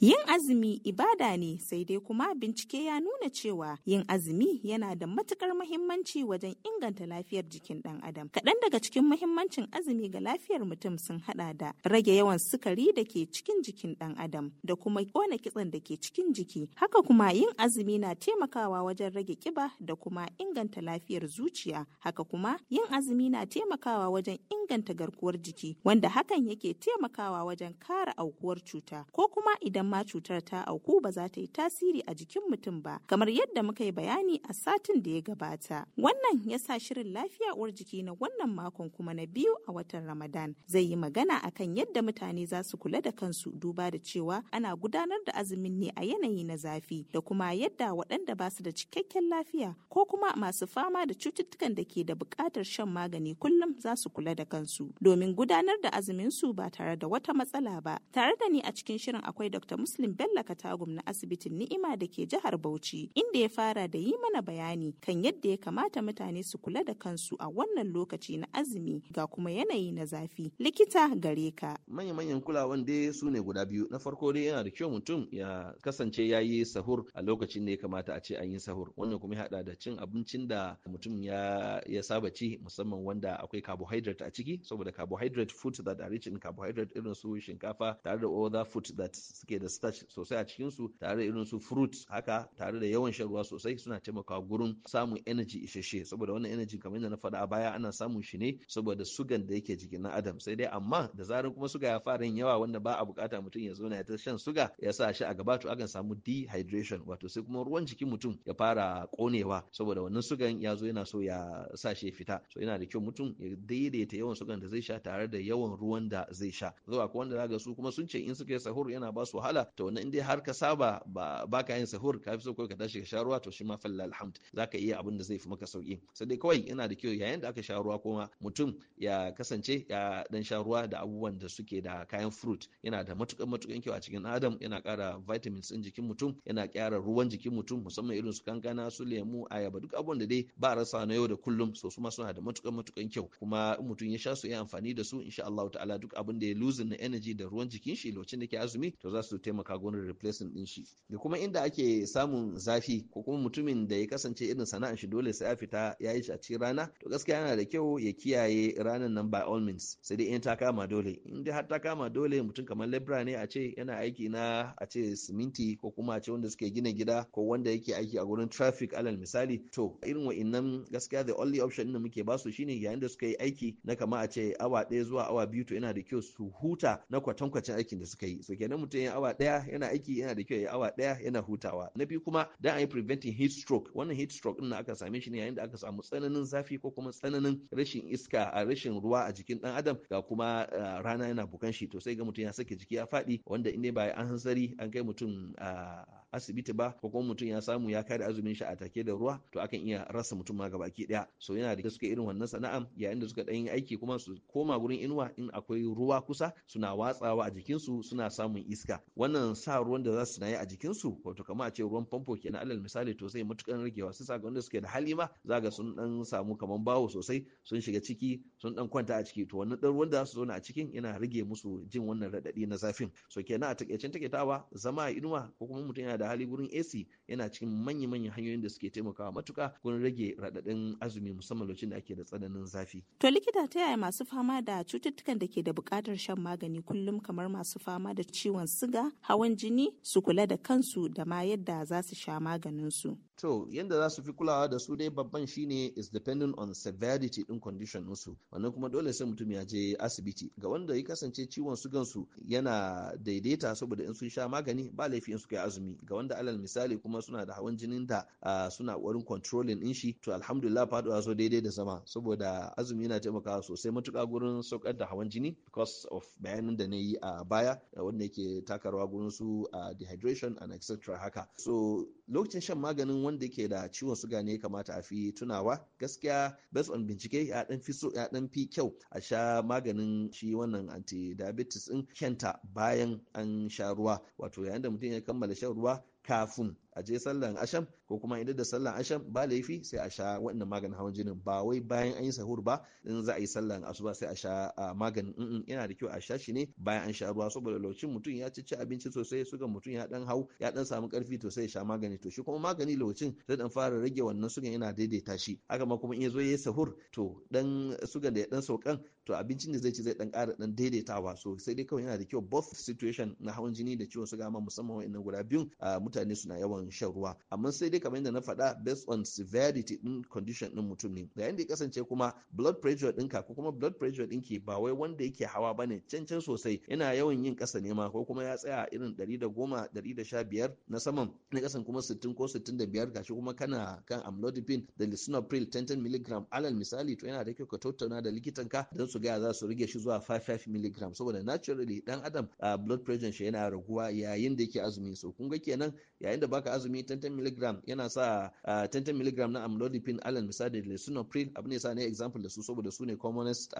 Yin azumi ibada ne sai dai kuma bincike ya nuna cewa yin azumi yana da matukar muhimmanci wajen inganta lafiyar jikin ɗan adam. Kaɗan daga cikin muhimmancin azumi ga lafiyar mutum sun haɗa da rage yawan sukari da ke cikin jikin ɗan adam da kuma kona kitsen da ke cikin jiki. Haka kuma yin azumi na taimakawa wajen rage kiba da kuma inganta lafiyar zuciya. Haka kuma yin azumi na taimakawa wajen inganta garkuwar jiki wanda hakan yake taimakawa wajen kare aukuwar cuta ko kuma idan ma cutar ta auku ba za ta yi tasiri a jikin mutum ba kamar yadda muka yi bayani a satin da ya gabata wannan ya sa shirin lafiya uwar jiki na wannan makon kuma na biyu a watan ramadan zai yi magana akan yadda mutane za su kula da kansu duba da cewa ana gudanar da azumin ne a yanayi na zafi da kuma yadda waɗanda ba su da cikakken lafiya ko kuma masu fama da cututtukan da ke da buƙatar shan magani kullum za su kula da kansu domin gudanar da azumin su ba tare da wata matsala ba tare da ni a cikin shirin akwai dr Muslim Bello Katagum na asibitin Ni'ima da ke jihar Bauchi inda ya fara da yi mana bayani kan yadda ya kamata mutane su kula da kansu a wannan lokaci na azumi ga kuma yanayi na zafi. Likita gare ka. Manya-manyan kulawan dai su ne guda biyu. Na farko dai yana da kyau mutum ya kasance ya yi sahur a lokacin da ya kamata a ce an yi sahur. Wannan kuma ya haɗa da cin abincin da mutum ya, ya saba ci musamman wanda akwai carbohydrate a ciki saboda carbohydrate food that are rich in carbohydrate irin su shinkafa tare da other food that suke da da starch sosai a cikinsu tare da irin su fruits haka tare da yawan shan ruwa sosai suna taimakawa gurin samun energy isasshe saboda wannan energy kamar yadda na faɗa a baya ana samun shi ne saboda sugan da yake jikin na adam sai dai amma da zarar kuma suga ya fara yin yawa wanda ba a bukata mutum ya zauna ya ta shan suga ya sa shi a gaba to akan samu dehydration wato sai kuma ruwan jikin mutum ya fara konewa saboda wannan sugan ya zo yana so ya sa shi ya fita so yana da kyau mutum ya daidaita yawan sugan da zai sha tare da yawan ruwan da zai sha zuwa ko wanda zaga su kuma sun ce in suka yi sahur yana ba su wahala wahala to na in har ka saba ba baka yin sahur ka fi so ka tashi ka sha ruwa to shi ma falla alhamd zaka iya abin da zai fi maka sauki sai dai kawai yana da kyau yayin da aka sha ruwa kuma mutum ya kasance ya dan sha ruwa da abubuwan da suke da kayan fruit yana da matukar matukan kyau a cikin adam yana kara vitamins din jikin mutum yana kyara ruwan jikin mutum musamman irin su kankana su lemu ayaba duk abubuwan da dai ba rasa na yau da kullum so su ma suna da matukar matukan kyau kuma in mutum ya sha su ya amfani da su insha Allah ta'ala duk abin da ya losing na energy da ruwan jikin shi lokacin da ke azumi to za su taimaka gonar replacement din shi da kuma inda ake samun zafi ko kuma mutumin da ya kasance irin sana'ar shi dole sai ya fita ya yi shi a cikin rana to gaskiya yana da kyau ya kiyaye ranar nan by all means sai dai in ta kama dole in dai har ta kama dole mutum kamar lebra ne a ce yana aiki na a ce siminti ko kuma a ce wanda suke gina gida ko wanda yake aiki a gurin traffic alal misali to irin wa'innan gaskiya the only option din da muke su shine yayin da suka yi aiki na kama a ce awa ɗaya zuwa awa biyu to yana da kyau su huta na kwatankwacin aikin da suka yi so kenan mutum ya awa daya yana aiki yana da kyau ya awa daya yana hutawa na biyu kuma dan a yi preventing heat stroke wannan heat stroke ɗin aka same shi ne yayin da aka samu tsananin zafi ko kuma tsananin rashin iska a rashin ruwa a jikin ɗan adam ga kuma rana yana bukan shi to sai ga mutum ya sake jiki ya faɗi wanda in ne ba an hanzari an kai mutum a asibiti ba ko kuma mutum ya samu ya kare azumin shi a take da ruwa to akan iya rasa mutum ma gabaki daya so yana da suka irin wannan sana'am yayin da suka dan yi aiki kuma su koma gurin inuwa in akwai ruwa kusa suna watsawa a jikinsu suna samun iska wannan sa ruwan da za su yi a jikinsu wato kamar a ce ruwan famfo kenan alal misali to sai mutukan ragewa su saka wanda suke da hali za ga sun dan samu kamar bawo sosai sun shiga ciki sun dan kwanta a ciki to wannan dan ruwan da su zauna a cikin yana rage musu jin wannan radadi na zafin so kenan a takeicen taketawa zama a inuwa ko kuma mutum yana da hali gurin AC yana cikin manya-manyan hanyoyin da suke taimakawa matuka gurin rage radadin azumi musamman lokacin da ake da tsananin zafi to likita ta yaya masu fama da cututtukan da ke da buƙatar shan magani kullum kamar masu fama da ciwon siga hawan jini su kula da kansu da ma yadda za su sha maganin su to yadda za su fi kulawa da su dai babban shine is depending on severity din condition nsu wannan kuma dole sai mutum ya je asibiti ga wanda ya kasance ciwon sugan su yana daidaita saboda in sun sha magani ba laifi in su yi azumi ga wanda alal misali kuma suna da hawan jinin da suna warin controlling din shi to alhamdulillah faɗuwa so daidai da zama. saboda azumi yana taimakawa sosai matuƙa gurin saukar da hawan jini because of bayanin da na yi a baya wanda yake takarwa gurin su dehydration and etc haka so lokacin shan maganin wanda yake da ciwon suga ne kamata a fi tunawa gaskiya based on bincike ya dan fi so ya dan fi kyau a sha maganin shi wannan anti diabetes din kenta bayan an sha ruwa wato yayin da mutum ya kammala shan ruwa kafin a je sallan asham ko kuma idan da sallan asham ba laifi sai a sha wannan maganin hawan jinin ba wai bayan an yi sahur ba in za a yi sallan asuba sai a sha maganin yana da kyau a sha shi ne bayan an sha ruwa saboda lokacin mutum ya ci abinci sosai suga mutum ya dan hau ya dan samu karfi to sai ya sha magani to shi kuma magani lokacin zai dan fara rage wannan sugan yana daidaita shi haka ma kuma in ya zo ya yi sahur to dan sugan da ya dan saukan to abincin da zai ci zai dan kara dan daidaitawa so sai dai kawai yana da kyau both situation na hawan jini da ciwon suga ma musamman wa'annan guda biyun mutane mutane suna yawan shan ruwa amma sai dai kamar yadda na faɗa based on severity din condition din mutum ne yayin da ya kasance kuma blood pressure ɗinka ko kuma blood pressure ɗinki ba wai wanda yake hawa bane cancan sosai yana yawan yin ƙasa ne ma ko kuma ya tsaya irin sha 115 na saman na ƙasan kuma 60 ko 65 gashi kuma kana kan amlodipine da lisinopril 10 mg alal misali to yana da kyau ka tattauna da likitanka don su gaya za su rage shi zuwa 55 mg saboda naturally dan adam ah, blood pressure shi yana raguwa yayin da yake azumi so kun ga kenan yayin da baka azumi 10 mg yana sa 10 mg na amlodipine allen misali da lisinopril abu ne sa ne example da su saboda su ne commonest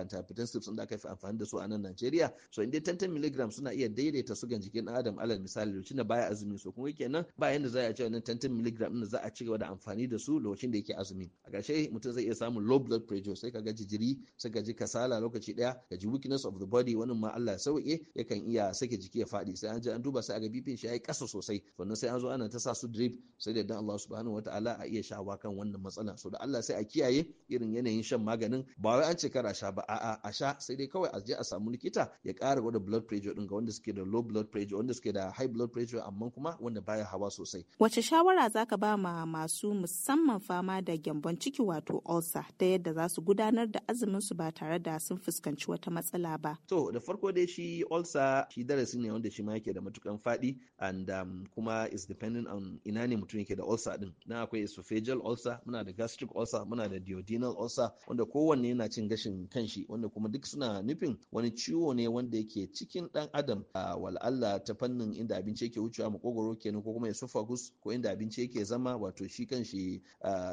sun da aka fi amfani da su a nan Najeriya so in dai 10 mg suna iya daidaita sugan jikin dan adam allen misali lokacin da baya azumi so kuma kenan ba yanda za a ce wannan 10 mg din za a ci gaba da amfani da su lokacin da yake azumi a ƙarshe mutum zai iya samun low blood pressure sai ka gaji jijiri sai ka ji kasala lokaci daya ka ji weakness of the body wani ma Allah ya sauke yakan iya sake jiki ya fadi sai an je an duba sai a ga bipin shi yayi ƙasa sosai wannan sai sai an zo ana ta sa su drip sai da dan Allah subhanahu wataala a iya shawa kan wannan matsala so da Allah sai a kiyaye irin yanayin shan maganin ba wai an ce kara sha ba a'a a sha sai dai kawai a je a samu likita ya kara gwada blood pressure din ga wanda suke da low blood pressure wanda suke da high blood pressure amma kuma wanda baya hawa sosai wace shawara zaka ba ma masu musamman fama da gyambon ciki wato ulcer ta yadda za su gudanar da azumin su ba tare da sun fuskanci wata matsala ba to da farko dai shi ulcer shi darasi ne wanda shi ma yake da matukan fadi and um, kuma is depending on ina ne mutum yake da ulcer din na akwai esophageal ulcer muna da gastric ulcer muna da duodenal ulcer wanda kowanne yana cin gashin kanshi wanda kuma duk suna nufin wani ciwo ne wanda yake cikin dan adam a wal'alla ta fannin inda abinci yake wucewa makogoro kenan ko kuma esophagus ko inda abinci yake zama wato shi kanshi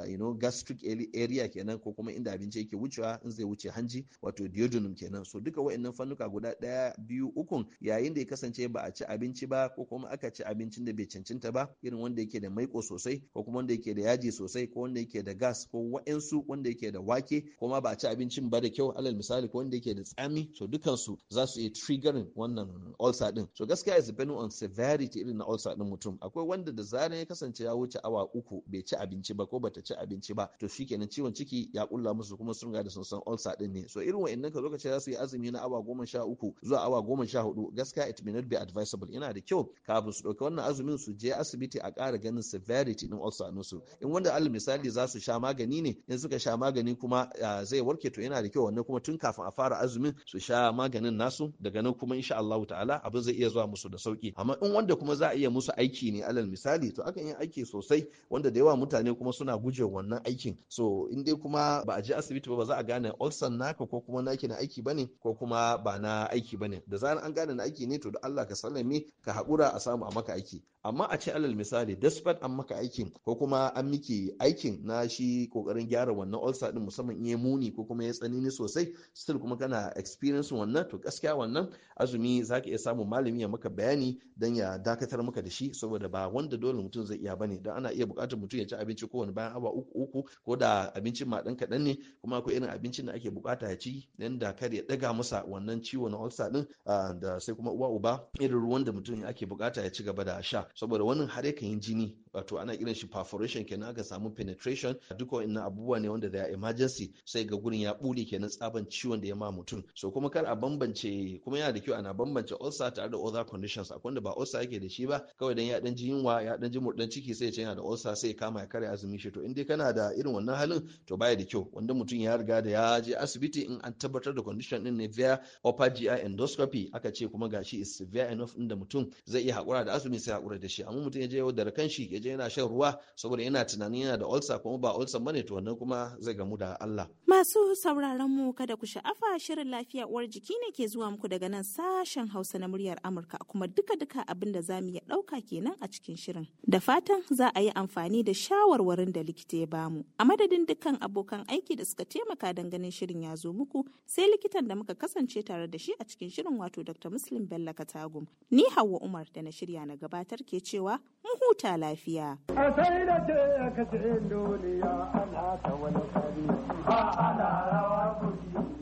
you know gastric area kenan ko kuma inda abinci yake wucewa in zai wuce hanji wato duodenum kenan so duka wa'annan fannuka guda daya biyu ukun yayin da ya kasance ba a ci abinci ba ko kuma aka ci abincin da bai cancanci abincinta ba irin wanda yake da maiko sosai ko kuma wanda yake da yaji sosai ko wanda yake da gas ko wa'ensu wanda yake da wake ko ma ba a ci abincin ba da kyau alal misali ko wanda yake da tsami so dukansu za su iya triggering wannan ulcer din so gaskiya is depending on severity irin na ulcer din mutum akwai wanda da zaran ya kasance ya wuce awa uku bai ci abinci ba ko bata ci abinci ba to shikenan ciwon ciki ya kulla musu kuma sun ga da sun san ulcer din ne so irin wa'annan ka lokaci za su yi azumi na awa goma sha uku zuwa awa goma sha hudu gaskiya it may not be advisable yana da kyau kafin su ɗauki wannan azumin su je je asibiti a ƙara ganin severity din ulcer nusu in wanda alal misali za su sha magani ne in suka sha magani kuma zai warke to yana da kyau wannan kuma tun kafin a fara azumin su sha maganin nasu daga nan kuma insha Allah ta'ala abin zai iya zuwa musu da sauki amma in wanda kuma za a iya musu aiki ne alal misali to akan yi aiki sosai wanda da yawa mutane kuma suna guje wannan aikin so in dai kuma ba a je asibiti ba za a gane ulcer naka ko kuma naki na aiki bane ko kuma ba na aiki bane da zaran an gane na aiki ne to da Allah ka sallame ka haƙura a samu a maka aiki amma a ce alal misali despite an maka aikin ko kuma an miki aikin na shi kokarin gyara wannan ulcer din musamman ya muni ko kuma ya tsanani sosai still kuma kana experience wannan to gaskiya wannan azumi zaka iya samu malami ya maka bayani dan ya dakatar maka da shi saboda ba wanda dole mutum zai iya bane dan ana iya bukatar mutum ya ci abinci kowane bayan awa uku uku ko da abincin ma dan kadan ne kuma akwai irin abincin da ake bukata ya ci dan da kar ya daga masa wannan ciwo na ulcer din ah, da sai kuma uwa uba irin ruwan da mutum ake bukata ya ci gaba da sha saboda wannan har yakan yi jini wato ana kiran shi perforation kenan aka samu penetration duk wa'annan abubuwa ne wanda da emergency sai ga gurin ya bule kenan tsaban ciwon da ya ma mutum so kuma kar a bambance kuma yana da kyau ana bambance ulcer tare da other conditions akwai wanda ba ulcer yake da shi ba kawai dan ya dan ji yunwa ya dan ji murdan ciki sai ya ce yana da ulcer sai ya kama ya karya azumi shi to in dai kana da irin wannan halin to baya da kyau wanda mutum ya riga da ya je asibiti in an tabbatar da condition din ne via upper GI endoscopy aka ce kuma gashi is severe enough inda mutum zai iya hakura da azumi sai hakura da da shi amma mutum ya je da kan shi ya je yana shan ruwa saboda yana tunanin yana da ulcer kuma ba ulcer bane to wannan kuma zai gamu da Allah masu sauraron mu kada ku sha'afa shirin lafiya uwar jiki ne ke zuwa muku daga nan sashen Hausa na muryar Amurka kuma duka-duka abin da zamu iya dauka kenan a cikin shirin da fatan za a yi amfani da shawarwarin da likita ya bamu a madadin dukkan abokan aiki da suka taimaka ganin shirin ya zo muku sai likitan da muka kasance tare da shi a cikin shirin wato Dr. Muslim Bello Katagum ni Hauwa Umar da na shirya na gabatar ke ke cewa mu huta lafiya. A da